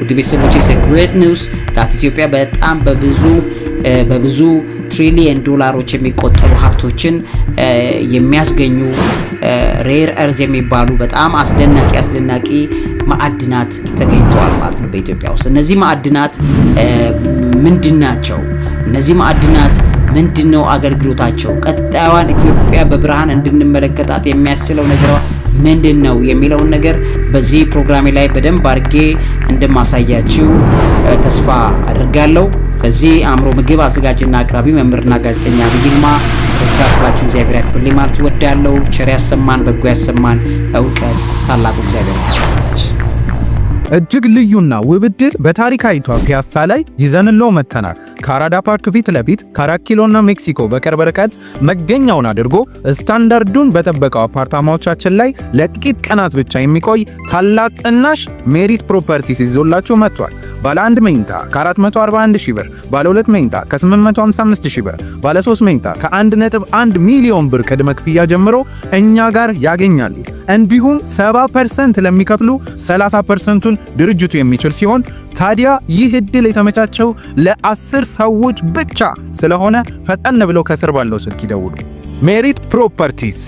ውድ ቤተሰቦች ግሬት ኒውስ ታት ኢትዮጵያ በጣም በብዙ በብዙ ትሪሊየን ዶላሮች የሚቆጠሩ ሀብቶችን የሚያስገኙ ሬር እርዝ የሚባሉ በጣም አስደናቂ አስደናቂ ማዕድናት ተገኝተዋል ማለት ነው በኢትዮጵያ ውስጥ። እነዚህ ማዕድናት ምንድን ናቸው? እነዚህ ማዕድናት ምንድን ነው አገልግሎታቸው? ቀጣዩን ኢትዮጵያ በብርሃን እንድንመለከታት የሚያስችለው ነገሯ ምንድን ነው የሚለውን ነገር በዚህ ፕሮግራሜ ላይ በደንብ አድርጌ እንደማሳያችው ተስፋ አድርጋለሁ። በዚህ አእምሮ ምግብ አዘጋጅና አቅራቢ መምህርና ጋዜጠኛ ዐቢይ ይልማ ስለተከታተላችሁ እግዚአብሔር ያክብርልኝ ማለት እወዳለሁ። ቸር ያሰማን፣ በጎ ያሰማን። እውቀት ታላቁ እግዚአብሔር እጅግ ልዩና ውብድር በታሪካዊቷ ፒያሳ ላይ ይዘንለው መጥተናል። ከአራዳ ፓርክ ፊት ለፊት ከአራት ኪሎና ሜክሲኮ በቅርብ ርቀት መገኛውን አድርጎ ስታንዳርዱን በጠበቀው አፓርታማዎቻችን ላይ ለጥቂት ቀናት ብቻ የሚቆይ ታላቅ ቅናሽ ሜሪት ፕሮፐርቲስ ይዞላችሁ መጥቷል። ባለ 1 መኝታ ከ441 ሺህ ብር፣ ባለ 2 መኝታ ከ855 ሺህ ብር፣ ባለ 3 መኝታ ከ1.1 ሚሊዮን ብር ከድመ ክፍያ ጀምሮ እኛ ጋር ያገኛሉ። እንዲሁም 70% ለሚከፍሉ 30%ቱን ድርጅቱ የሚችል ሲሆን ታዲያ ይህ እድል የተመቻቸው ለአስር ሰዎች ብቻ ስለሆነ ፈጠን ብለው ከስር ባለው ስልክ ይደውሉ። ሜሪት ፕሮፐርቲስ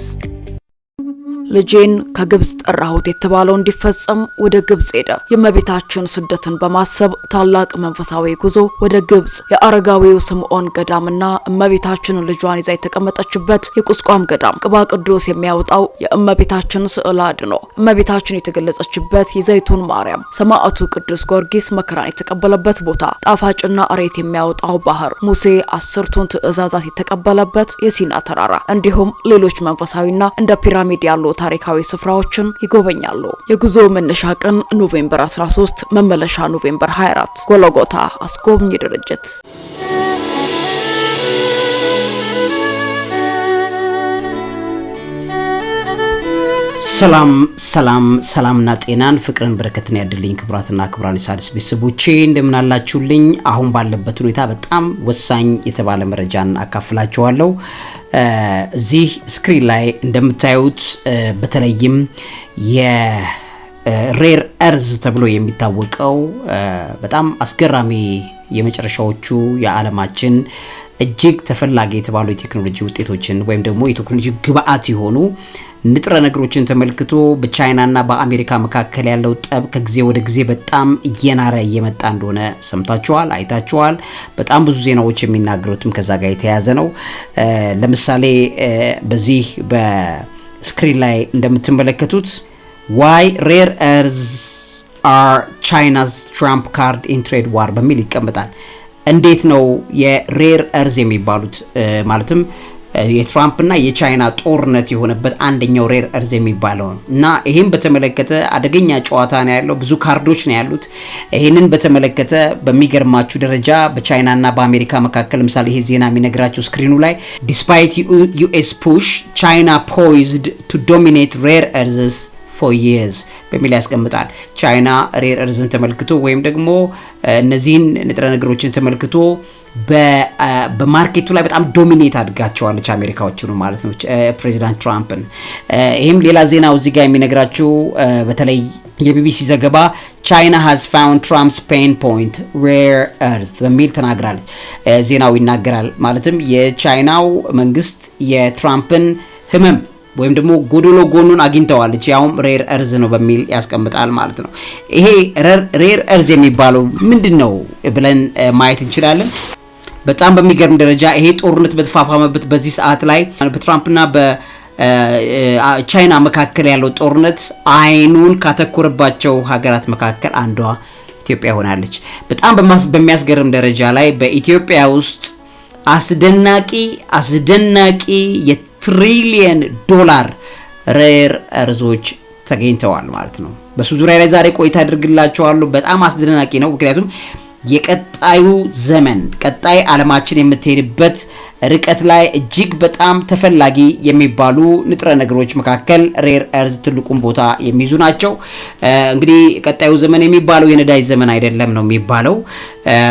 ልጄን ከግብፅ ጠራሁት የተባለው እንዲፈጸም ወደ ግብፅ ሄደ። የእመቤታችን ስደትን በማሰብ ታላቅ መንፈሳዊ ጉዞ ወደ ግብፅ የአረጋዊው ስምዖን ገዳምና እመቤታችን ልጇን ይዛ የተቀመጠችበት የቁስቋም ገዳም ቅባ ቅዱስ የሚያወጣው የእመቤታችን ስዕል አድኖ እመቤታችን የተገለጸችበት የዘይቱን ማርያም ሰማዕቱ ቅዱስ ጊዮርጊስ መከራን የተቀበለበት ቦታ ጣፋጭና እሬት የሚያወጣው ባህር ሙሴ አስርቱን ትእዛዛት የተቀበለበት የሲና ተራራ እንዲሁም ሌሎች መንፈሳዊና እንደ ፒራሚድ ያሉት ታሪካዊ ስፍራዎችን ይጎበኛሉ። የጉዞ መነሻ ቀን ኖቬምበር 13፣ መመለሻ ኖቬምበር 24። ጎሎጎታ አስጎብኝ ድርጅት ሰላም ሰላም ሰላምና ጤናን ፍቅርን በረከትን ያድልኝ ክቡራትና ክቡራን የሣድስ ቤተሰቦቼ እንደምን አላችሁልኝ? አሁን ባለበት ሁኔታ በጣም ወሳኝ የተባለ መረጃን አካፍላችኋለሁ። እዚህ ስክሪን ላይ እንደምታዩት በተለይም ሬር እርዝ ተብሎ የሚታወቀው በጣም አስገራሚ የመጨረሻዎቹ የዓለማችን እጅግ ተፈላጊ የተባሉ የቴክኖሎጂ ውጤቶችን ወይም ደግሞ የቴክኖሎጂ ግብአት የሆኑ ንጥረ ነገሮችን ተመልክቶ በቻይናና በአሜሪካ መካከል ያለው ጠብ ከጊዜ ወደ ጊዜ በጣም እየናረ እየመጣ እንደሆነ ሰምታችኋል፣ አይታችኋል። በጣም ብዙ ዜናዎች የሚናገሩትም ከዛ ጋር የተያያዘ ነው። ለምሳሌ በዚህ በስክሪን ላይ እንደምትመለከቱት ዋይ ሬር እርዝ አር ቻይናስ ትራምፕ ካርድ ኢን ትሬድ ዋር በሚል ይቀመጣል። እንዴት ነው የሬር እርዝ የሚባሉት ማለትም የትራምፕና የቻይና ጦርነት የሆነበት አንደኛው ሬር እርዝ የሚባለው ነው እና ይህም በተመለከተ አደገኛ ጨዋታ ነው ያለው። ብዙ ካርዶች ነው ያሉት። ይህንን በተመለከተ በሚገርማችሁ ደረጃ በቻይናና በአሜሪካ መካከል ምሳሌ ይሄ ዜና የሚነግራቸው ስክሪኑ ላይ ዲስፓይት ዩኤስ ፑሽ ቻይና ፖይዝድ ቱ ዶሚኔት ሬር እርዝስ ፎር የርስ በሚል ያስቀምጣል። ቻይና ሬር እርዝን ተመልክቶ ወይም ደግሞ እነዚህን ንጥረ ነገሮችን ተመልክቶ በማርኬቱ ላይ በጣም ዶሚኔት አድጋቸዋለች አሜሪካዎችን ማለት ነው፣ ፕሬዚዳንት ትራምፕን። ይህም ሌላ ዜናው እዚህ ጋር የሚነግራችሁ በተለይ የቢቢሲ ዘገባ ቻይና ሃዝ ፋውንድ ትራምፕስ ፔን ፖይንት ሬር እርት በሚል ተናግራለች። ዜናው ይናገራል ማለትም የቻይናው መንግስት የትራምፕን ህመም ወይም ደግሞ ጎዶሎ ጎኑን አግኝተዋል። እቺ ያውም ሬር እርዝ ነው በሚል ያስቀምጣል ማለት ነው። ይሄ ሬር እርዝ የሚባለው ምንድን ነው ብለን ማየት እንችላለን። በጣም በሚገርም ደረጃ ይሄ ጦርነት በተፋፋመበት በዚህ ሰዓት ላይ በትራምፕና በቻይና መካከል ያለው ጦርነት አይኑን ካተኮረባቸው ሀገራት መካከል አንዷ ኢትዮጵያ ሆናለች። በጣም በሚያስገርም ደረጃ ላይ በኢትዮጵያ ውስጥ አስደናቂ አስደናቂ ትሪሊየን ዶላር ሬር እርዞች ተገኝተዋል ማለት ነው። በሱ ዙሪያ ላይ ዛሬ ቆይታ ያደርግላቸዋለሁ። በጣም አስደናቂ ነው ምክንያቱም የቀጣዩ ዘመን ቀጣይ ዓለማችን የምትሄድበት ርቀት ላይ እጅግ በጣም ተፈላጊ የሚባሉ ንጥረ ነገሮች መካከል ሬር እርዝ ትልቁን ቦታ የሚይዙ ናቸው። እንግዲህ ቀጣዩ ዘመን የሚባለው የነዳጅ ዘመን አይደለም ነው የሚባለው።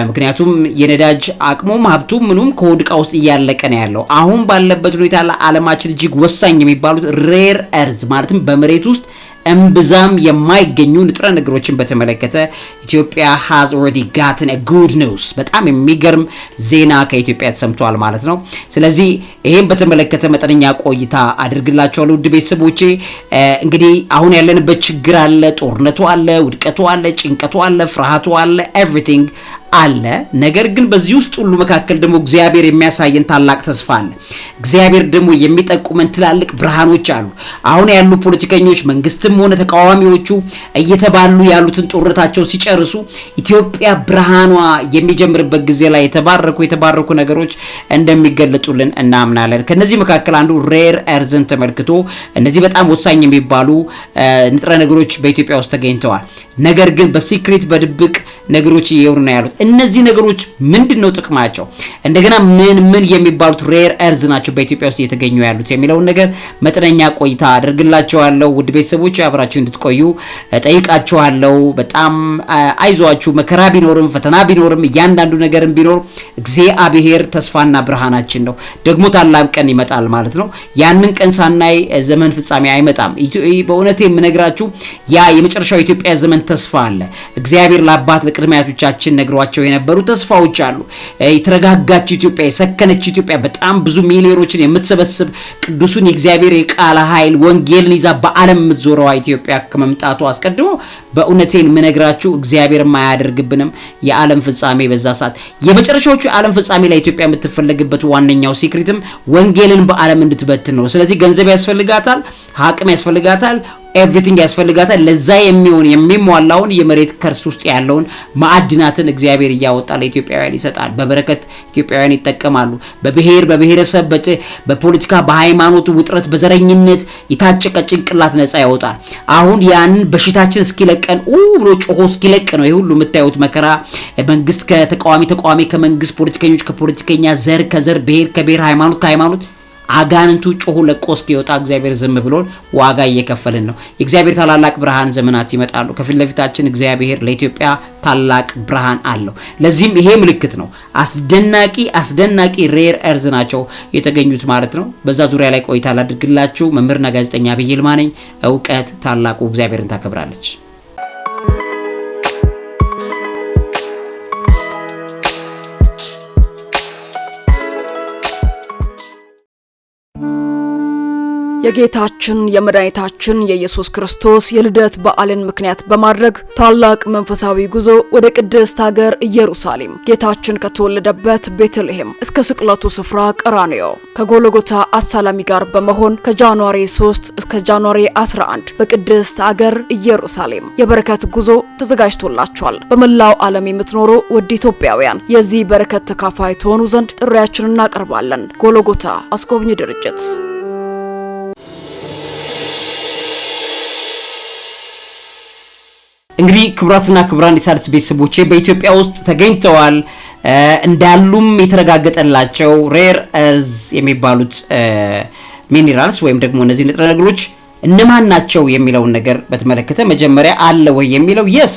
ምክንያቱም የነዳጅ አቅሙም ሀብቱም ምኑም ከወድቃ ውስጥ እያለቀ ነው ያለው። አሁን ባለበት ሁኔታ ለዓለማችን እጅግ ወሳኝ የሚባሉት ሬር እርዝ ማለትም በመሬት ውስጥ እምብዛም የማይገኙ ንጥረ ነገሮችን በተመለከተ ኢትዮጵያ ሃዝ ኦልሬዲ ጋትን ጉድ ኒውስ፣ በጣም የሚገርም ዜና ከኢትዮጵያ ተሰምቷል ማለት ነው። ስለዚህ ይሄን በተመለከተ መጠነኛ ቆይታ አድርግላቸዋል። ውድ ቤተሰቦቼ። እንግዲህ አሁን ያለንበት ችግር አለ፣ ጦርነቱ አለ፣ ውድቀቱ አለ፣ ጭንቀቱ አለ፣ ፍርሃቱ አለ፣ ኤቭሪቲንግ አለ። ነገር ግን በዚህ ውስጥ ሁሉ መካከል ደግሞ እግዚአብሔር የሚያሳየን ታላቅ ተስፋ አለ። እግዚአብሔር ደግሞ የሚጠቁመን ትላልቅ ብርሃኖች አሉ። አሁን ያሉ ፖለቲከኞች መንግስትም ሆነ ተቃዋሚዎቹ እየተባሉ ያሉትን ጦርነታቸው ሲጨርሱ ኢትዮጵያ ብርሃኗ የሚጀምርበት ጊዜ ላይ የተባረኩ የተባረኩ ነገሮች እንደሚገለጡልን እናምናለን። ከነዚህ መካከል አንዱ ሬር ኤርዝን ተመልክቶ እነዚህ በጣም ወሳኝ የሚባሉ ንጥረ ነገሮች በኢትዮጵያ ውስጥ ተገኝተዋል። ነገር ግን በሲክሬት በድብቅ ነገሮች እየሆኑ ነው ያሉት እነዚህ ነገሮች ምንድን ነው ጥቅማቸው? እንደገና ምን ምን የሚባሉት ሬር እርዝ ናቸው በኢትዮጵያ ውስጥ እየተገኙ ያሉት የሚለውን ነገር መጠነኛ ቆይታ አድርግላችኋለሁ። ውድ ቤተሰቦች አብራችሁ እንድትቆዩ ጠይቃችኋለሁ። በጣም አይዟችሁ። መከራ ቢኖርም ፈተና ቢኖርም እያንዳንዱ ነገርም ቢኖር እግዚአብሔር ተስፋና ብርሃናችን ነው። ደግሞ ታላቅ ቀን ይመጣል ማለት ነው። ያንን ቀን ሳናይ ዘመን ፍጻሜ አይመጣም። በእውነት የምነግራችሁ ያ የመጨረሻው የኢትዮጵያ ዘመን ተስፋ አለ። እግዚአብሔር ለአባት ለቅድሚያቶቻችን ነግሯቸው ሲያደርጓቸው የነበሩ ተስፋዎች አሉ። የተረጋጋች ኢትዮጵያ፣ የሰከነች ኢትዮጵያ፣ በጣም ብዙ ሚሊዮኖችን የምትሰበስብ ቅዱሱን የእግዚአብሔር የቃለ ኃይል ወንጌልን ይዛ በዓለም የምትዞረዋ ኢትዮጵያ ከመምጣቱ አስቀድሞ በእውነቴን ምነግራችሁ እግዚአብሔር አያደርግብንም። የዓለም ፍጻሜ በዛ ሰዓት የመጨረሻዎቹ የዓለም ፍጻሜ ላይ ኢትዮጵያ የምትፈለግበት ዋነኛው ሲክሪትም ወንጌልን በዓለም እንድትበትን ነው። ስለዚህ ገንዘብ ያስፈልጋታል፣ አቅም ያስፈልጋታል፣ ኤቭሪቲንግ ያስፈልጋታል። ለዛ የሚሆን የሚሟላውን የመሬት ከርስ ውስጥ ያለውን ማዕድናትን እግዚአብሔር እያወጣ ለኢትዮጵያውያን ይሰጣል። በበረከት ኢትዮጵያውያን ይጠቀማሉ። በብሔር በብሔረሰብ፣ በፖለቲካ፣ በሃይማኖት ውጥረት፣ በዘረኝነት የታጨቀ ጭንቅላት ነጻ ያወጣል። አሁን ያንን በሽታችን እስኪለቀን ብሎ ጮሆ እስኪለቅ ነው ይህ ሁሉ የምታዩት መከራ። መንግስት ከተቃዋሚ፣ ተቃዋሚ ከመንግስት፣ ፖለቲከኞች ከፖለቲከኛ፣ ዘር ከዘር፣ ብሔር ከብሔር፣ ሃይማኖት ከሃይማኖት አጋንንቱ ጮሁ ለቆ እስኪወጣ እግዚአብሔር ዝም ብሎን ዋጋ እየከፈልን ነው። የእግዚአብሔር ታላላቅ ብርሃን ዘመናት ይመጣሉ። ከፊት ለፊታችን እግዚአብሔር ለኢትዮጵያ ታላቅ ብርሃን አለው። ለዚህም ይሄ ምልክት ነው። አስደናቂ አስደናቂ ሬር ኤርዝ ናቸው የተገኙት ማለት ነው። በዛ ዙሪያ ላይ ቆይታ ላድርግላችሁ። መምህርና ጋዜጠኛ አብይ ይልማ ነኝ። እውቀት ታላቁ እግዚአብሔርን ታከብራለች። የጌታችን የመድኃኒታችን የኢየሱስ ክርስቶስ የልደት በዓልን ምክንያት በማድረግ ታላቅ መንፈሳዊ ጉዞ ወደ ቅድስት ሀገር ኢየሩሳሌም ጌታችን ከተወለደበት ቤተልሔም እስከ ስቅለቱ ስፍራ ቀራንዮ ከጎልጎታ አሳላሚ ጋር በመሆን ከጃንዋሪ 3 እስከ ጃንዋሪ 11 በቅድስት አገር ኢየሩሳሌም የበረከት ጉዞ ተዘጋጅቶላችኋል። በመላው ዓለም የምትኖሩ ውድ ኢትዮጵያውያን የዚህ በረከት ተካፋይ ትሆኑ ዘንድ ጥሪያችንን እናቀርባለን። ጎሎጎታ አስጎብኝ ድርጅት እንግዲህ ክቡራትና ክቡራን የሣድስ ቤተሰቦቼ በኢትዮጵያ ውስጥ ተገኝተዋል እንዳሉም የተረጋገጠላቸው ሬር እርዝ የሚባሉት ሚኒራልስ ወይም ደግሞ እነዚህ ንጥረ ነገሮች እነማን ናቸው የሚለውን ነገር በተመለከተ መጀመሪያ አለ ወይ የሚለው የስ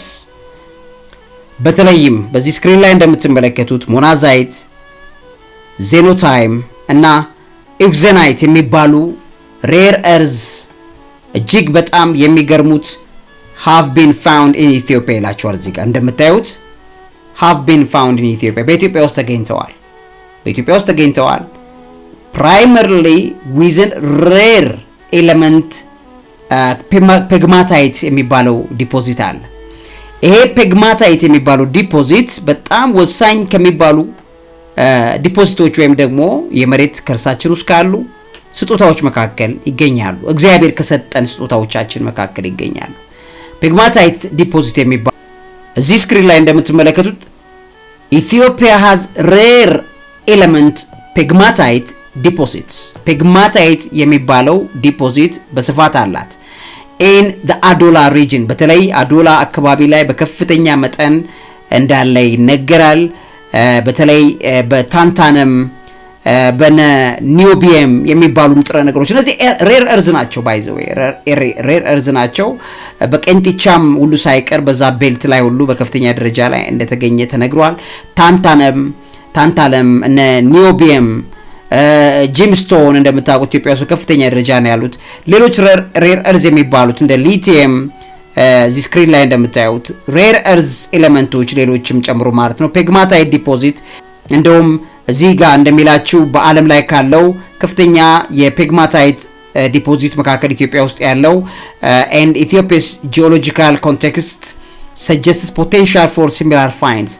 በተለይም በዚህ ስክሪን ላይ እንደምትመለከቱት ሞናዛይት፣ ዜኖታይም እና ኢግዘናይት የሚባሉ ሬር እርዝ እጅግ በጣም የሚገርሙት ሃቭ ቢን ፋውንድ ኢን ኢትዮጵያ ይላቸዋል። እዚህ ጋር እንደምታዩት ሃቭ ቢን ፋውንድ ኢን ኢትዮጵያ በኢትዮጵያ ውስጥ ተገኝተዋል። በኢትዮጵያ ውስጥ ተገኝተዋል። ፕራይመሪሊ ዊዝን ሬር ኤለመንት ፔግማታይት የሚባለው ዲፖዚት አለ። ይሄ ፔግማታይት የሚባለው ዲፖዚት በጣም ወሳኝ ከሚባሉ ዲፖዚቶች uh, ወይም ደግሞ የመሬት ከርሳችን ውስጥ ካሉ ስጦታዎች መካከል ይገኛሉ። እግዚአብሔር ከሰጠን ስጦታዎቻችን መካከል ይገኛሉ። ፒግማታይት ዲፖዚት የሚባል እዚህ ስክሪን ላይ እንደምትመለከቱት ኢትዮጵያ ሃዝ ሬር ኤለመንት ፒግማታይት ዲፖዚት ፒግማታይት የሚባለው ዲፖዚት በስፋት አላት። ኢን ዘ አዶላ ሪጅን በተለይ አዶላ አካባቢ ላይ በከፍተኛ መጠን እንዳለ ይነገራል። በተለይ በታንታነም በነ ኒዮቢየም የሚባሉ ንጥረ ነገሮች እነዚህ ሬር እርዝ ናቸው። ባይዘዌ ሬር እርዝ ናቸው። በቀንጢቻም ሁሉ ሳይቀር በዛ ቤልት ላይ ሁሉ በከፍተኛ ደረጃ ላይ እንደተገኘ ተነግሯል። ታንታለም ታንታለም እነ ኒዮቢየም ጂምስቶን እንደምታውቁት ኢትዮጵያ ውስጥ በከፍተኛ ደረጃ ነው ያሉት። ሌሎች ሬር እርዝ የሚባሉት እንደ ሊቲየም እዚህ ስክሪን ላይ እንደምታዩት ሬር እርዝ ኤሌመንቶች ሌሎችም ጨምሮ ማለት ነው። ፔግማታይት ዲፖዚት እንደውም እዚህ ጋር እንደሚላችው በዓለም ላይ ካለው ከፍተኛ የፔግማታይት ዲፖዚት መካከል ኢትዮጵያ ውስጥ ያለው ኤንድ ኢትዮጵያስ ጂኦሎጂካል ኮንቴክስት ሰጀስትስ ፖቴንሻል ፎር ሲሚላር ፋይንስ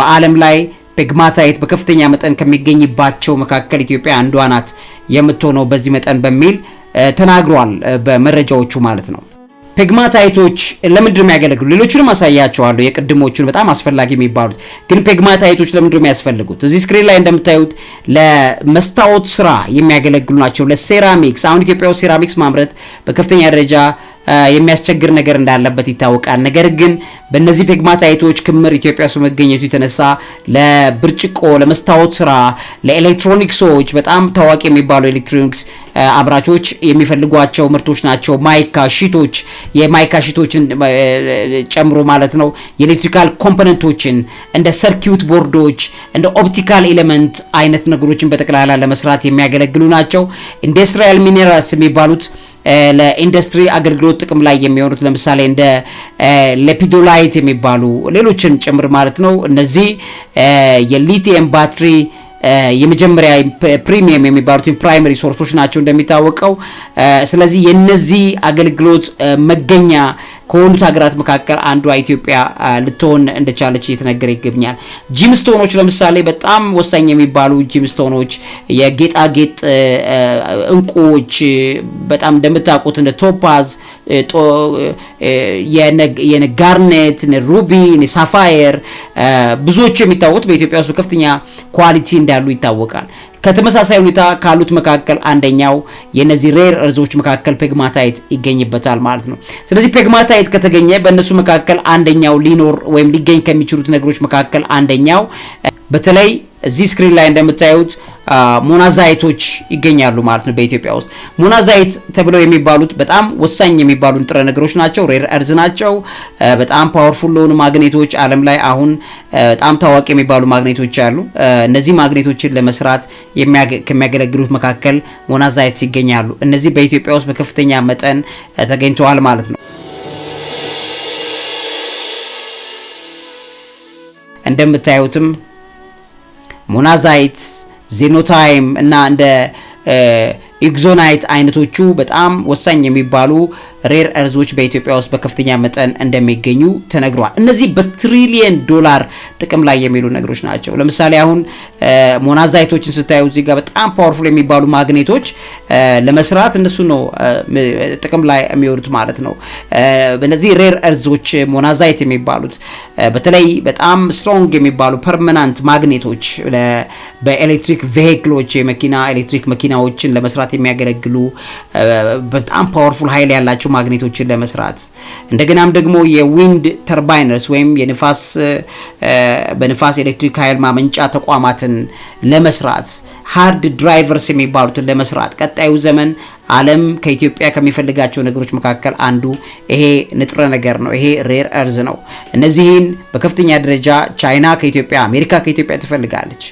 በዓለም ላይ ፔግማታይት በከፍተኛ መጠን ከሚገኝባቸው መካከል ኢትዮጵያ አንዷ ናት የምትሆነው በዚህ መጠን በሚል ተናግሯል። በመረጃዎቹ ማለት ነው። ፔግማታይቶች ለምንድን ነው የሚያገለግሉ? ሌሎችንም አሳያቸዋለሁ። የቅድሞቹን በጣም አስፈላጊ የሚባሉት ግን ፔግማታይቶች ለምንድን ነው የሚያስፈልጉት? እዚህ ስክሪን ላይ እንደምታዩት ለመስታወት ስራ የሚያገለግሉ ናቸው። ለሴራሚክስ አሁን ኢትዮጵያ ውስጥ ሴራሚክስ ማምረት በከፍተኛ ደረጃ የሚያስቸግር ነገር እንዳለበት ይታወቃል። ነገር ግን በእነዚህ ፔግማታይቶች ክምር ኢትዮጵያ ውስጥ መገኘቱ የተነሳ ለብርጭቆ፣ ለመስታወት ስራ፣ ለኤሌክትሮኒክሶች በጣም ታዋቂ የሚባሉ ኤሌክትሮኒክስ አምራቾች የሚፈልጓቸው ምርቶች ናቸው። ማይካ ሺቶች፣ የማይካ ሺቶችን ጨምሮ ማለት ነው። የኤሌክትሪካል ኮምፖነንቶችን እንደ ሰርኪዩት ቦርዶች፣ እንደ ኦፕቲካል ኤሌመንት አይነት ነገሮችን በጠቅላላ ለመስራት የሚያገለግሉ ናቸው። ኢንዱስትሪያል ሚኔራልስ የሚባሉት ለኢንዱስትሪ አገልግሎት ጥቅም ላይ የሚሆኑት ለምሳሌ እንደ ሌፒዶላይት የሚባሉ ሌሎችን ጭምር ማለት ነው። እነዚህ የሊቲየም ባትሪ የመጀመሪያ ፕሪሚየም የሚባሉት ፕራይመሪ ሶርሶች ናቸው እንደሚታወቀው። ስለዚህ የነዚህ አገልግሎት መገኛ ከሆኑት ሀገራት መካከል አንዷ ኢትዮጵያ ልትሆን እንደቻለች እየተነገረ ይገኛል። ጂምስቶኖች ለምሳሌ በጣም ወሳኝ የሚባሉ ጂምስቶኖች፣ የጌጣጌጥ እንቁዎች በጣም እንደምታውቁት እንደ ቶፓዝ፣ የነ ጋርኔት፣ ሩቢ፣ ሳፋየር ብዙዎቹ የሚታወቁት በኢትዮጵያ ውስጥ በከፍተኛ ኳሊቲ እንዳሉ ይታወቃል። ከተመሳሳይ ሁኔታ ካሉት መካከል አንደኛው የነዚህ ሬር እርዞች መካከል ፔግማታይት ይገኝበታል ማለት ነው። ስለዚህ ፔግማታይት ከተገኘ በእነሱ መካከል አንደኛው ሊኖር ወይም ሊገኝ ከሚችሉት ነገሮች መካከል አንደኛው በተለይ እዚህ ስክሪን ላይ እንደምታዩት ሞናዛይቶች ይገኛሉ ማለት ነው። በኢትዮጵያ ውስጥ ሞናዛይት ተብለው የሚባሉት በጣም ወሳኝ የሚባሉ ንጥረ ነገሮች ናቸው። ሬር እርዝ ናቸው። በጣም ፓወርፉል ለሆኑ ማግኔቶች ዓለም ላይ አሁን በጣም ታዋቂ የሚባሉ ማግኔቶች አሉ። እነዚህ ማግኔቶችን ለመስራት ከሚያገለግሉት መካከል ሞናዛይት ይገኛሉ። እነዚህ በኢትዮጵያ ውስጥ በከፍተኛ መጠን ተገኝተዋል ማለት ነው። እንደምታዩትም ሞናዛይት፣ ዜኖታይም እና እንደ ኢግዞናይት አይነቶቹ በጣም ወሳኝ የሚባሉ ሬር እርዞች በኢትዮጵያ ውስጥ በከፍተኛ መጠን እንደሚገኙ ተነግሯል። እነዚህ በትሪሊየን ዶላር ጥቅም ላይ የሚሉ ነገሮች ናቸው። ለምሳሌ አሁን ሞናዛይቶችን ስታዩ እዚህ ጋር በጣም ፓወርፉል የሚባሉ ማግኔቶች ለመስራት እነሱ ነው ጥቅም ላይ የሚወሉት ማለት ነው። እነዚህ ሬር እርዞች ሞናዛይት የሚባሉት በተለይ በጣም ስትሮንግ የሚባሉ ፐርማናንት ማግኔቶች በኤሌክትሪክ ቬሂክሎች የመኪና ኤሌክትሪክ መኪናዎችን ለመስራት የሚያገለግሉ በጣም ፓወርፉል ኃይል ያላቸው ማግኔቶችን ለመስራት እንደገናም ደግሞ የዊንድ ተርባይነርስ ወይም የንፋስ በንፋስ ኤሌክትሪክ ኃይል ማመንጫ ተቋማትን ለመስራት ሃርድ ድራይቨርስ የሚባሉትን ለመስራት ቀጣዩ ዘመን ዓለም ከኢትዮጵያ ከሚፈልጋቸው ነገሮች መካከል አንዱ ይሄ ንጥረ ነገር ነው። ይሄ ሬር እርዝ ነው። እነዚህን በከፍተኛ ደረጃ ቻይና ከኢትዮጵያ፣ አሜሪካ ከኢትዮጵያ ትፈልጋለች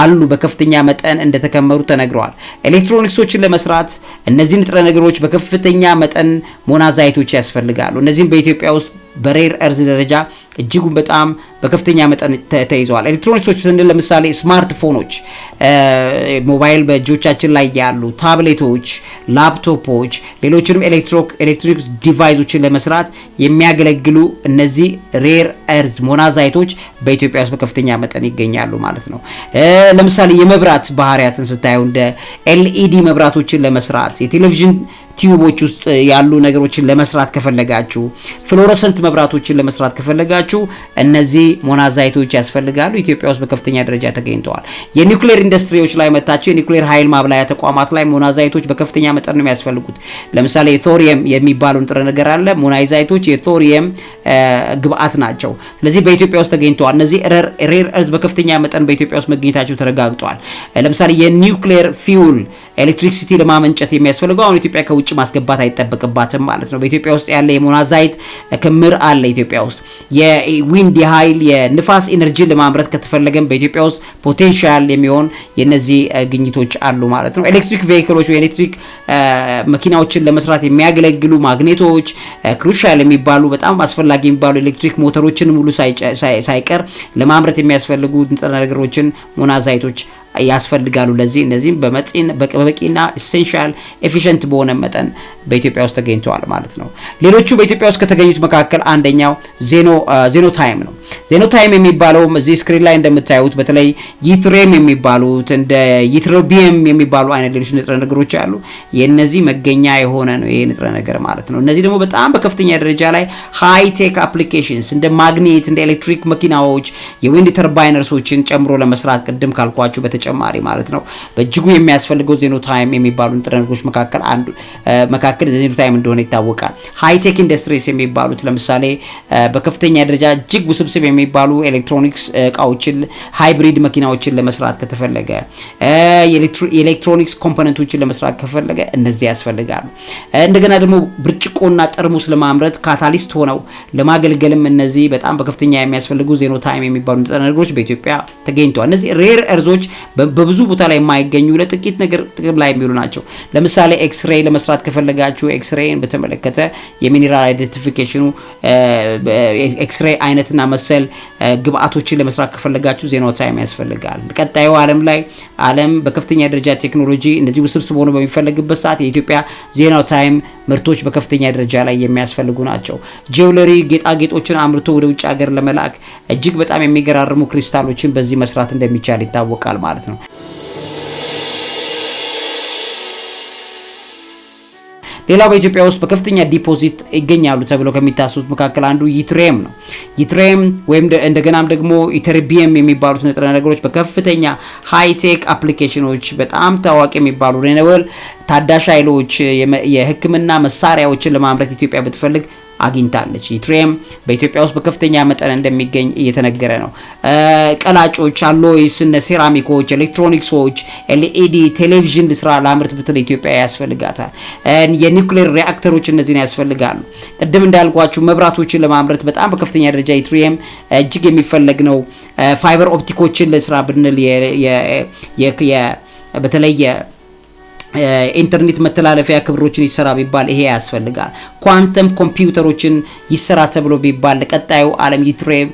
አሉ። በከፍተኛ መጠን እንደተከመሩ ተነግረዋል። ኤሌክትሮኒክሶችን ለመስራት እነዚህ ንጥረ ነገሮች በከፍተኛ መጠን ሞናዛይቶች ያስፈልጋሉ። እነዚህም በኢትዮጵያ ውስጥ በሬር እርዝ ደረጃ እጅጉን በጣም በከፍተኛ መጠን ተይዘዋል። ኤሌክትሮኒክሶች ስንል ለምሳሌ ስማርትፎኖች፣ ሞባይል በእጆቻችን ላይ ያሉ ታብሌቶች፣ ላፕቶፖች፣ ሌሎችንም ኤሌክትሮኒክስ ዲቫይሶችን ለመስራት የሚያገለግሉ እነዚህ ሬር እርዝ ሞናዛይቶች በኢትዮጵያ ውስጥ በከፍተኛ መጠን ይገኛሉ ማለት ነው። ለምሳሌ የመብራት ባህሪያትን ስታየው እንደ ኤልኢዲ መብራቶችን ለመስራት የቴሌቪዥን ቲዩቦች ውስጥ ያሉ ነገሮችን ለመስራት ከፈለጋችሁ፣ ፍሎረሰንት መብራቶችን ለመስራት ከፈለጋችሁ እነዚህ ሞናዛይቶች ያስፈልጋሉ። ኢትዮጵያ ውስጥ በከፍተኛ ደረጃ ተገኝተዋል። የኒውክሌር ኢንዱስትሪዎች ላይ መታቸው የኒውክሌር ኃይል ማብላያ ተቋማት ላይ ሞናዛይቶች በከፍተኛ መጠን ነው የሚያስፈልጉት። ለምሳሌ ቶሪየም የሚባለው ንጥረ ነገር አለ። ሞናዛይቶች የቶሪየም ግብአት ናቸው። ስለዚህ በኢትዮጵያ ውስጥ ተገኝተዋል። እነዚህ ሬር እርዝ በከፍተኛ መጠን በኢትዮጵያ ውስጥ መገኘታቸው ተረጋግጧል። ለምሳሌ የኒውክሌር ፊውል ኤሌክትሪክሲቲ ለማመንጨት የሚያስፈልገው አሁን ኢትዮጵያ ውጭ ማስገባት አይጠበቅባትም ማለት ነው። በኢትዮጵያ ውስጥ ያለ የሞናዛይት ክምር አለ። ኢትዮጵያ ውስጥ የዊንድ የኃይል የንፋስ ኢነርጂ ለማምረት ከተፈለገም በኢትዮጵያ ውስጥ ፖቴንሻል የሚሆን የነዚህ ግኝቶች አሉ ማለት ነው። ኤሌክትሪክ ቬሂክሎች ወይ ኤሌክትሪክ መኪናዎችን ለመስራት የሚያገለግሉ ማግኔቶች ክሩሻል የሚባሉ በጣም አስፈላጊ የሚባሉ ኤሌክትሪክ ሞተሮችን ሙሉ ሳይቀር ለማምረት የሚያስፈልጉ ንጥረ ነገሮችን ሞናዛይቶች ያስፈልጋሉ። ለዚህ እነዚህም በበቂና ኢሴንሻል ኤፊሽንት በሆነ መጠን በኢትዮጵያ ውስጥ ተገኝተዋል ማለት ነው። ሌሎቹ በኢትዮጵያ ውስጥ ከተገኙት መካከል አንደኛው ዜኖ ታይም ነው። ዜኖ ታይም የሚባለው እዚህ ስክሪን ላይ እንደምታዩት በተለይ ይትሬም የሚባሉት እንደ ይትሮቢየም የሚባሉ አይነት ሌሎች ንጥረ ነገሮች አሉ። የእነዚህ መገኛ የሆነ ነው ይሄ ንጥረ ነገር ማለት ነው። እነዚህ ደግሞ በጣም በከፍተኛ ደረጃ ላይ ሃይቴክ አፕሊኬሽንስ እንደ ማግኔት፣ እንደ ኤሌክትሪክ መኪናዎች፣ የዊንድ ተርባይነርሶችን ጨምሮ ለመስራት ቅድም ካልኳችሁ በተጨማሪ ማለት ነው። በእጅጉ የሚያስፈልገው ታይም የሚባሉ ንጥረ ነገሮች መካከል አንዱ መካከል ታይም እንደሆነ ይታወቃል። ሃይቴክ ኢንዱስትሪስ የሚባሉት ለምሳሌ በከፍተኛ ደረጃ እጅግ ውስብስብ የሚባሉ ኤሌክትሮኒክስ እቃዎችን ሃይብሪድ መኪናዎችን ለመስራት ከተፈለገ የኤሌክትሮኒክስ ኮምፖነንቶችን ለመስራት ከፈለገ እነዚህ ያስፈልጋሉ። እንደገና ደግሞ ብርጭቆ ብርጭቆና ጠርሙስ ለማምረት ካታሊስት ሆነው ለማገልገልም እነዚህ በጣም በከፍተኛ የሚያስፈልጉ ዜኖታይም የሚባሉ ንጥረ ነገሮች በኢትዮጵያ ተገኝተዋል። እነዚህ ሬር እርዞች በብዙ ቦታ ላይ የማይገኙ ለጥቂት ነገር ጥቅም ላይ የሚውሉ ናቸው። ለምሳሌ ኤክስሬይ ለመስራት ከፈለጋችሁ ኤክስሬይን በተመለከተ የሚኒራል አይደንቲፊኬሽኑ ኤክስሬይ አይነትና መሰል ግብአቶችን ለመስራት ከፈለጋችሁ ዜናው ታይም ያስፈልጋል። ቀጣዩ ዓለም ላይ ዓለም በከፍተኛ ደረጃ ቴክኖሎጂ እንደዚህ ውስብስብ ሆኖ በሚፈልግበት ሰዓት የኢትዮጵያ ዜናው ታይም ምርቶች በከፍተኛ ደረጃ ላይ የሚያስፈልጉ ናቸው። ጅዌለሪ፣ ጌጣጌጦችን አምርቶ ወደ ውጭ ሀገር ለመላክ እጅግ በጣም የሚገራርሙ ክሪስታሎችን በዚህ መስራት እንደሚቻል ይታወቃል ማለት ነው። ሌላው በኢትዮጵያ ውስጥ በከፍተኛ ዲፖዚት ይገኛሉ ተብሎ ከሚታሰቡት መካከል አንዱ ይትሬም ነው። ይትሬም ወይም እንደገናም ደግሞ ኢተርቢየም የሚባሉት ንጥረ ነገሮች በከፍተኛ ሃይቴክ አፕሊኬሽኖች በጣም ታዋቂ የሚባሉ ሬነብል ታዳሽ ኃይሎች የህክምና መሳሪያዎችን ለማምረት ኢትዮጵያ ብትፈልግ አግኝታለች። ኢትሬም በኢትዮጵያ ውስጥ በከፍተኛ መጠን እንደሚገኝ እየተነገረ ነው። ቀላጮች፣ አሎይስ፣ እነ ሴራሚኮች፣ ኤሌክትሮኒክሶች፣ ኤልኢዲ ቴሌቪዥን ስራ ለአምርት ብትል ኢትዮጵያ ያስፈልጋታል። የኒውክሌር ሪአክተሮች እነዚህን ያስፈልጋሉ። ቅድም እንዳልኳችሁ መብራቶችን ለማምረት በጣም በከፍተኛ ደረጃ ትሬም እጅግ የሚፈለግ ነው። ፋይበር ኦፕቲኮችን ለስራ ብንል በተለየ ኢንተርኔት መተላለፊያ ክብሮችን ይሰራ ቢባል ይሄ ያስፈልጋል። ኳንተም ኮምፒውተሮችን ይሰራ ተብሎ ቢባል ለቀጣዩ ዓለም ይትሬም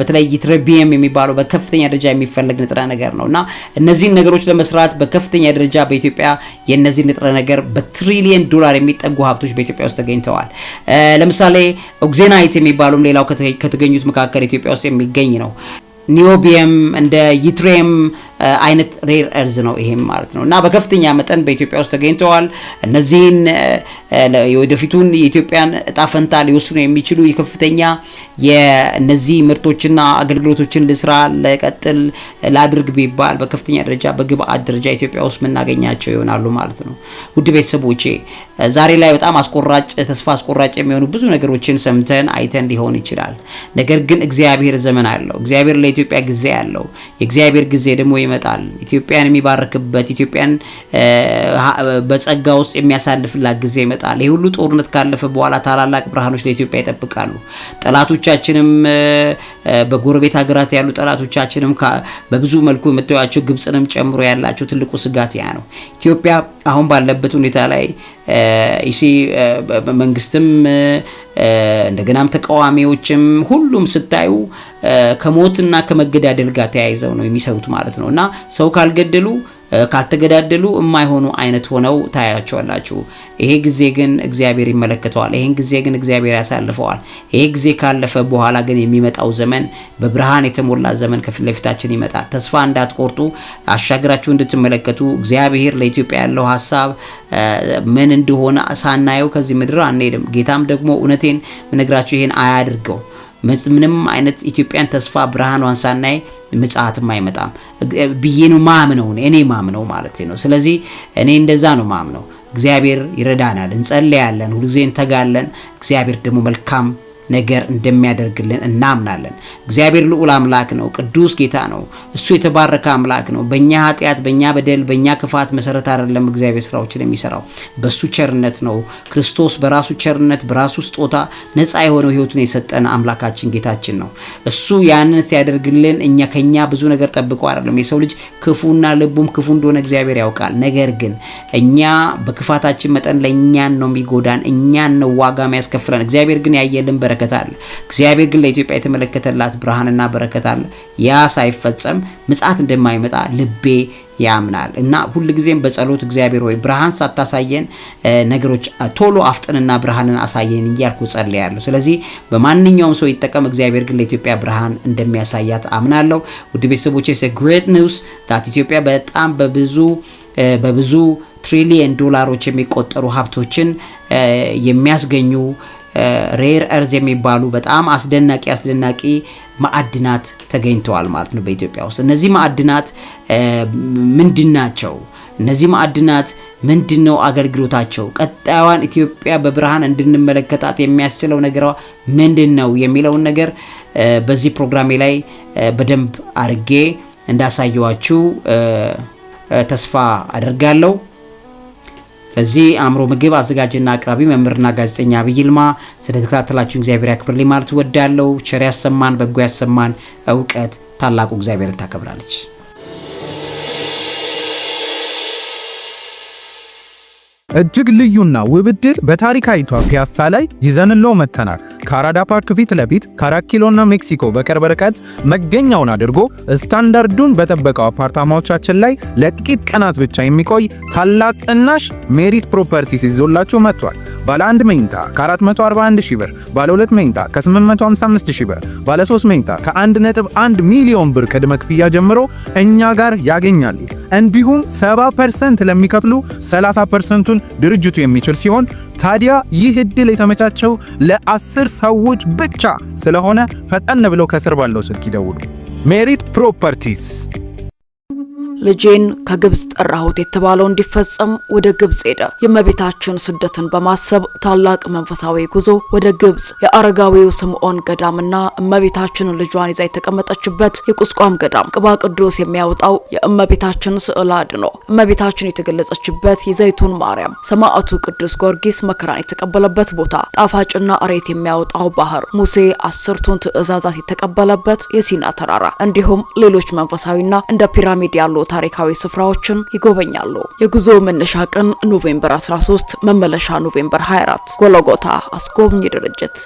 በተለይ ይትሬቢየም የሚባለው በከፍተኛ ደረጃ የሚፈለግ ንጥረ ነገር ነው እና እነዚህን ነገሮች ለመስራት በከፍተኛ ደረጃ በኢትዮጵያ የነዚህ ንጥረ ነገር በትሪሊየን ዶላር የሚጠጉ ሀብቶች በኢትዮጵያ ውስጥ ተገኝተዋል። ለምሳሌ ኦግዜናይት የሚባሉም ሌላው ከተገኙት መካከል ኢትዮጵያ ውስጥ የሚገኝ ነው። ኒዮቢየም እንደ ይትሬም አይነት ሬር እርዝ ነው ይሄም ማለት ነው እና በከፍተኛ መጠን በኢትዮጵያ ውስጥ ተገኝተዋል። እነዚህን የወደፊቱን የኢትዮጵያን እጣ ፈንታ ሊወስኑ የሚችሉ የከፍተኛ የእነዚህ ምርቶችና አገልግሎቶችን ልስራ፣ ለቀጥል፣ ላድርግ ቢባል በከፍተኛ ደረጃ በግብአት ደረጃ ኢትዮጵያ ውስጥ የምናገኛቸው ይሆናሉ ማለት ነው። ውድ ቤተሰቦቼ ዛሬ ላይ በጣም አስቆራጭ ተስፋ አስቆራጭ የሚሆኑ ብዙ ነገሮችን ሰምተን አይተን ሊሆን ይችላል። ነገር ግን እግዚአብሔር ዘመን አለው። እግዚአብሔር ለኢትዮጵያ ጊዜ አለው። የእግዚአብሔር ጊዜ ደግሞ ይመጣል። ኢትዮጵያን የሚባርክበት ኢትዮጵያን በጸጋ ውስጥ የሚያሳልፍላት ጊዜ ይመጣል። ይህ ሁሉ ጦርነት ካለፈ በኋላ ታላላቅ ብርሃኖች ለኢትዮጵያ ይጠብቃሉ። ጠላቶቻችንም በጎረቤት ሀገራት ያሉ ጠላቶቻችንም በብዙ መልኩ የምታዩቸው ግብፅንም ጨምሮ ያላቸው ትልቁ ስጋት ያ ነው። ኢትዮጵያ አሁን ባለበት ሁኔታ ላይ ይሲ መንግስትም እንደገናም ተቃዋሚዎችም ሁሉም ስታዩ ከሞትና ከመገዳደል ጋር ተያይዘው ነው የሚሰሩት ማለት ነው እና ሰው ካልገደሉ ካልተገዳደሉ የማይሆኑ አይነት ሆነው ታያቸዋላችሁ። ይሄ ጊዜ ግን እግዚአብሔር ይመለከተዋል። ይሄን ጊዜ ግን እግዚአብሔር ያሳልፈዋል። ይሄ ጊዜ ካለፈ በኋላ ግን የሚመጣው ዘመን በብርሃን የተሞላ ዘመን ከፊት ለፊታችን ይመጣል። ተስፋ እንዳትቆርጡ፣ አሻግራችሁ እንድትመለከቱ እግዚአብሔር ለኢትዮጵያ ያለው ሀሳብ ምን እንደሆነ ሳናየው ከዚህ ምድር አንሄድም። ጌታም ደግሞ እውነቴን ምነግራችሁ ይሄን አያድርገው ምንም አይነት ኢትዮጵያን ተስፋ ብርሃኗን ሳናይ ምጽአትም አይመጣም ብዬ ነው ማምነው እኔ ማምነው ማለት ነው። ስለዚህ እኔ እንደዛ ነው ማምነው። እግዚአብሔር ይረዳናል፣ እንጸለያለን፣ ሁልጊዜ እንተጋለን። እግዚአብሔር ደግሞ መልካም ነገር እንደሚያደርግልን እናምናለን። እግዚአብሔር ልዑል አምላክ ነው፣ ቅዱስ ጌታ ነው። እሱ የተባረከ አምላክ ነው። በእኛ ኃጢአት፣ በእኛ በደል፣ በእኛ ክፋት መሰረት አይደለም እግዚአብሔር ስራዎችን የሚሰራው በእሱ ቸርነት ነው። ክርስቶስ በራሱ ቸርነት በራሱ ስጦታ ነፃ የሆነው ህይወቱን የሰጠን አምላካችን ጌታችን ነው። እሱ ያንን ሲያደርግልን እኛ ከኛ ብዙ ነገር ጠብቆ አይደለም። የሰው ልጅ ክፉና ልቡም ክፉ እንደሆነ እግዚአብሔር ያውቃል። ነገር ግን እኛ በክፋታችን መጠን ለእኛን ነው የሚጎዳን፣ እኛን ነው ዋጋ የሚያስከፍለን። እግዚአብሔር ግን ያየልን በረከት በረከት አለ። እግዚአብሔር ግን ለኢትዮጵያ የተመለከተላት ብርሃንና በረከት አለ። ያ ሳይፈጸም ምጽአት እንደማይመጣ ልቤ ያምናል እና ሁልጊዜም በጸሎት እግዚአብሔር ወይ ብርሃን ሳታሳየን ነገሮች ቶሎ አፍጥንና ብርሃንን አሳየን እያልኩ ጸልያለሁ። ስለዚህ በማንኛውም ሰው ይጠቀም፣ እግዚአብሔር ግን ለኢትዮጵያ ብርሃን እንደሚያሳያት አምናለሁ። ውድ ቤተሰቦች ግሬት ኒውስ ዳት ኢትዮጵያ በጣም በብዙ በብዙ ትሪሊየን ዶላሮች የሚቆጠሩ ሀብቶችን የሚያስገኙ ሬር እርዝ የሚባሉ በጣም አስደናቂ አስደናቂ ማዕድናት ተገኝተዋል ማለት ነው በኢትዮጵያ ውስጥ። እነዚህ ማዕድናት ምንድን ናቸው? እነዚህ ማዕድናት ምንድን ነው አገልግሎታቸው? ቀጣዩን ኢትዮጵያ በብርሃን እንድንመለከታት የሚያስችለው ነገሯ ምንድን ነው የሚለውን ነገር በዚህ ፕሮግራሜ ላይ በደንብ አድርጌ እንዳሳየዋችሁ ተስፋ አደርጋለሁ። ለዚህ አእምሮ ምግብ አዘጋጅና አቅራቢ መምህርና ጋዜጠኛ ዐቢይ ይልማ። ስለተከታተላችሁ እግዚአብሔር ያክብርልኝ ማለት ወዳለው። ቸር ያሰማን፣ በጎ ያሰማን። እውቀት ታላቁ እግዚአብሔርን ታከብራለች። እጅግ ልዩና ውብ ዕድል በታሪካዊቷ ፒያሳ ላይ ይዘንለው መጥተናል። ከአራዳ ፓርክ ፊት ለፊት ከአራት ኪሎና ሜክሲኮ በቅርብ ርቀት መገኛውን አድርጎ ስታንዳርዱን በጠበቀው አፓርታማዎቻችን ላይ ለጥቂት ቀናት ብቻ የሚቆይ ታላቅ ቅናሽ ሜሪት ፕሮፐርቲስ ይዞላችሁ መጥቷል። ባለ 1 መኝታ ከ441 ሺህ ብር፣ ባለ 2 መኝታ ከ855 ሺህ ብር፣ ባለ 3 መኝታ ከ1.1 ሚሊዮን ብር ቅድመ ክፍያ ጀምሮ እኛ ጋር ያገኛሉ። እንዲሁም 70% ለሚከፍሉ 30%ቱን ድርጅቱ የሚችል ሲሆን ታዲያ ይህ እድል የተመቻቸው ለ10 ሰዎች ብቻ ስለሆነ ፈጠን ብለው ከስር ባለው ስልክ ይደውሉ። ሜሪት ፕሮፐርቲስ ልጄን ከግብፅ ጠራሁት የተባለው እንዲፈጸም ወደ ግብጽ ሄደ። የእመቤታችን ስደትን በማሰብ ታላቅ መንፈሳዊ ጉዞ ወደ ግብጽ። የአረጋዊው ስምዖን ገዳምና እመቤታችን ልጇን ይዛ የተቀመጠችበት የቁስቋም ገዳም ቅባ ቅዱስ የሚያወጣው የእመቤታችን ስዕል አድኖ እመቤታችን የተገለጸችበት የዘይቱን ማርያም ሰማዕቱ ቅዱስ ጊዮርጊስ መከራን የተቀበለበት ቦታ ጣፋጭና እሬት የሚያወጣው ባህር ሙሴ አስርቱን ትእዛዛት የተቀበለበት የሲና ተራራ እንዲሁም ሌሎች መንፈሳዊና እንደ ፒራሚድ ያሉት ታሪካዊ ስፍራዎችን ይጎበኛሉ። የጉዞ መነሻ ቀን ኖቬምበር 13፣ መመለሻ ኖቬምበር 24። ጎለጎታ አስጎብኝ ድርጅት